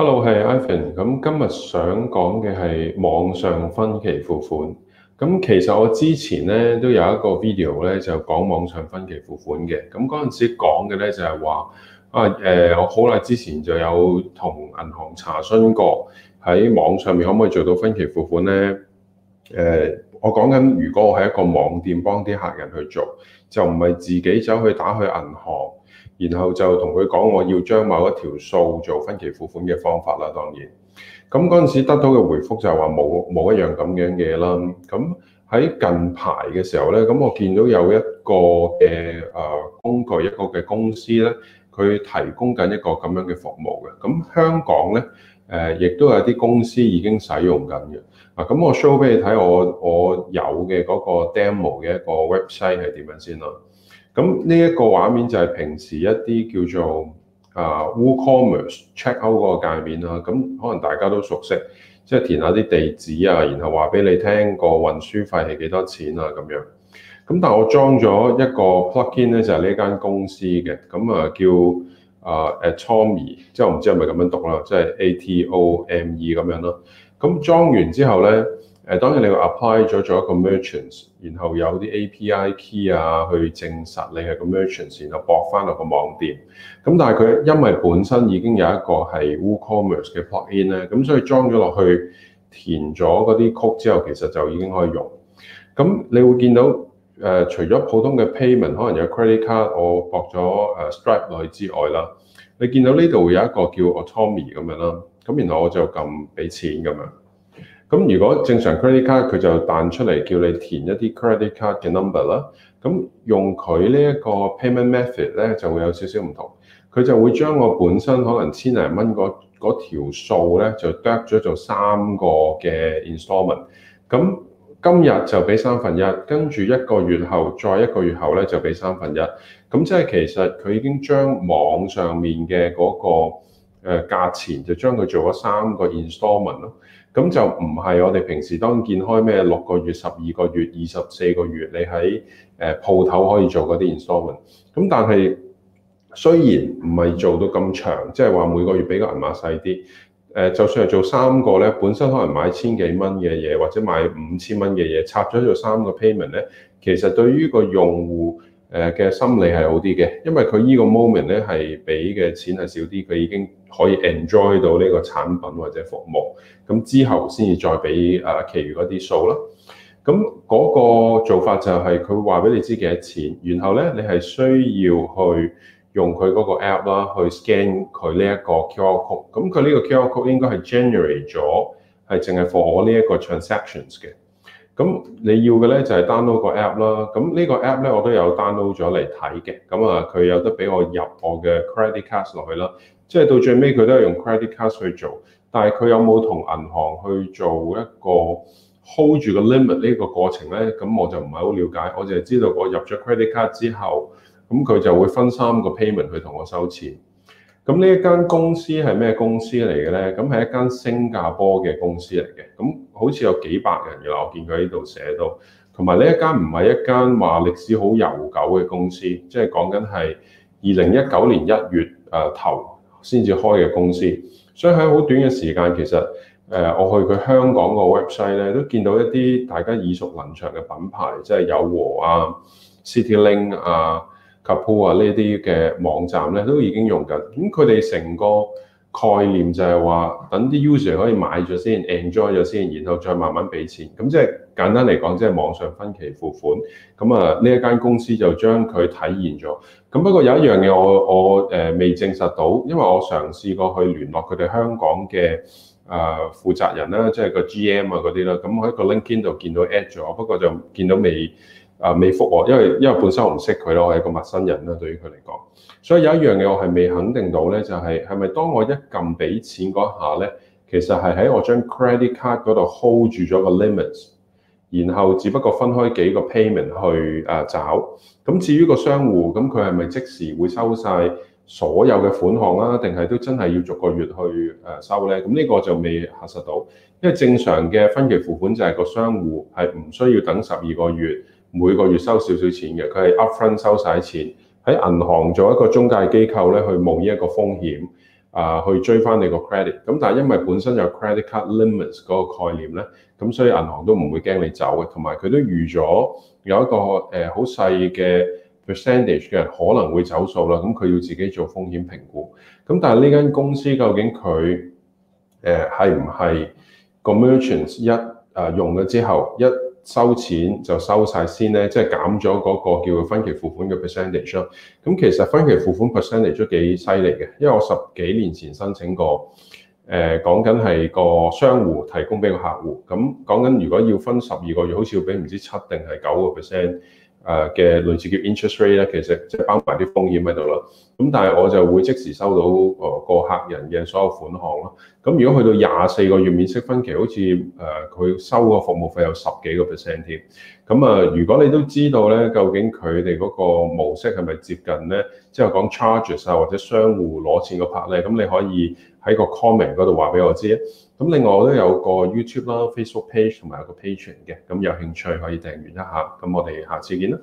Hello，係 Ivan。咁今日想講嘅係網上分期付款。咁其實我之前咧都有一個 video 咧就講網上分期付款嘅。咁嗰陣時講嘅咧就係話啊誒，我好耐之前就有同銀行查詢過，喺網上面可唔可以做到分期付款咧？誒、啊，我講緊如果我喺一個網店幫啲客人去做，就唔係自己走去打去銀行。然後就同佢講，我要將某一條數做分期付款嘅方法啦。當然，咁嗰陣時得到嘅回覆就係話冇冇一樣咁樣嘅嘢啦。咁喺近排嘅時候呢，咁我見到有一個嘅誒、呃、工具，一個嘅公司呢，佢提供緊一個咁樣嘅服務嘅。咁香港呢，誒、呃，亦都有啲公司已經使用緊嘅。啊，咁我 show 俾你睇，我我有嘅嗰個 demo 嘅一個 website 係點樣先啦。咁呢一個畫面就係平時一啲叫做啊 WooCommerce check out 嗰個界面啦、啊，咁可能大家都熟悉，即係填下啲地址啊，然後話俾你聽個運輸費係幾多錢啊咁樣。咁但係我裝咗一個 plugin 咧，就係呢間公司嘅，咁啊叫啊 Atome，即係我唔知係咪咁樣讀啦，即係 a t o m e 咁樣咯。咁裝完之後咧。誒，當然，你個 apply 咗做一個 merchants 然後有啲 API key 啊，去證實你係個 merchants 然後博翻落個網店。咁但係佢因為本身已經有一個係 WooCommerce 嘅 plugin 咧，咁所以裝咗落去填咗嗰啲 code 之後，其實就已經可以用。咁你會見到誒、呃，除咗普通嘅 payment，可能有 credit card，我博咗誒 Stripe 落去之外啦，你見到呢度有一個叫 Automy 咁樣啦，咁然後我就撳俾錢咁樣。咁如果正常 credit card 佢就彈出嚟叫你填一啲 credit card 嘅 number 啦，咁用佢呢一個 payment method 咧就會有少少唔同，佢就會將我本身可能千零蚊嗰嗰條數咧就 drop 咗做三個嘅 installment，咁今日就俾三分一，跟住一個月後再一個月後咧就俾三分一，咁即係其實佢已經將網上面嘅嗰個誒價錢就將佢做咗三個 installment 咯。咁就唔係我哋平時當見開咩六個月、十二個月、二十四個月，你喺誒鋪頭可以做嗰啲 installment。咁但係雖然唔係做到咁長，即係話每個月俾個銀碼細啲。誒就算係做三個咧，本身可能買千幾蚊嘅嘢，或者買五千蚊嘅嘢，拆咗做三個 payment 咧，其實對於個用戶，誒嘅心理係好啲嘅，因為佢呢個 moment 咧係俾嘅錢係少啲，佢已經可以 enjoy 到呢個產品或者服務，咁之後先至再俾誒其餘嗰啲數啦。咁嗰個做法就係佢話俾你知幾多錢，然後咧你係需要去用佢嗰個 app 啦，去 scan 佢呢一個 QR code。咁佢呢個 QR code 應該係 generate 咗，係淨係 for 我呢一個 transactions 嘅。咁你要嘅咧就係 download 個 app 啦。咁呢個 app 咧我都有 download 咗嚟睇嘅。咁啊佢有得俾我入我嘅 credit card 落去啦。即係到最尾佢都係用 credit card 去做，但係佢有冇同銀行去做一個 hold 住個 limit 呢個過程咧？咁我就唔係好了解。我淨係知道我入咗 credit card 之後，咁佢就會分三個 payment 去同我收錢。咁呢一間公司係咩公司嚟嘅呢？咁係一間新加坡嘅公司嚟嘅，咁好似有幾百人嘅啦，我見佢呢度寫到。同埋呢一間唔係一間話歷史好悠久嘅公司，即係講緊係二零一九年一月誒頭先至開嘅公司，所以喺好短嘅時間，其實誒我去佢香港個 website 咧，都見到一啲大家耳熟能詳嘅品牌，即係友和啊 Citylink 啊。Groupon 呢啲嘅網站咧都已經用緊，咁佢哋成個概念就係話等啲 user 可以買咗先，enjoy 咗先，然後再慢慢俾錢。咁即係簡單嚟講，即係網上分期付款。咁啊，呢一間公司就將佢體現咗。咁不過有一樣嘢我我誒未、呃、證實到，因為我嘗試過去聯絡佢哋香港嘅誒、呃、負責人啦，即係個 GM 啊嗰啲啦。咁我喺個 LinkedIn 度見到 at 咗，不過就見到未。啊，未復我，因為因為本身我唔識佢咯，我係一個陌生人啦。對於佢嚟講，所以有一樣嘢我係未肯定到咧，就係係咪當我一撳俾錢嗰下咧，其實係喺我張 credit card 嗰度 hold 住咗個 limits，然後只不過分開幾個 payment 去啊找。咁至於個商戶咁佢係咪即時會收晒所有嘅款項啦？定係都真係要逐個月去誒收咧？咁呢個就未核實到，因為正常嘅分期付款就係個商戶係唔需要等十二個月。每個月收少少錢嘅，佢係 upfront 收晒錢，喺銀行做一個中介機構咧，去冒呢一個風險，啊，去追翻你個 credit。咁但係因為本身有 credit card limits 嗰個概念咧，咁所以銀行都唔會驚你走嘅，同埋佢都預咗有一個誒好細嘅 percentage 嘅人可能會走數啦。咁佢要自己做風險評估。咁但係呢間公司究竟佢誒係唔係個 merchant 一啊用咗之後一？收錢就收晒先咧，即係減咗嗰個叫分期付款嘅 percentage 咯。咁其實分期付款 percentage 都幾犀利嘅，因為我十幾年前申請過，誒講緊係個商戶提供俾個客戶，咁講緊如果要分十二個月，好似要俾唔知七定係九個 percent。誒嘅類似叫 interest rate 咧，其實即係包埋啲風險喺度咯。咁但係我就會即時收到誒個客人嘅所有款項咯。咁如果去到廿四個月免息分期，好似誒佢收個服務費有十幾個 percent 添。咁啊，如果你都知道咧，究竟佢哋嗰個模式係咪接近咧？之後講 charges 啊，或者商戶攞錢嗰 part 咧，咁你可以喺個 comment 嗰度話俾我知。咁另外我都有個 YouTube 啦、啊、Facebook page 同埋有個 Patreon 嘅，咁有興趣可以訂閱一下。咁我哋下次見啦。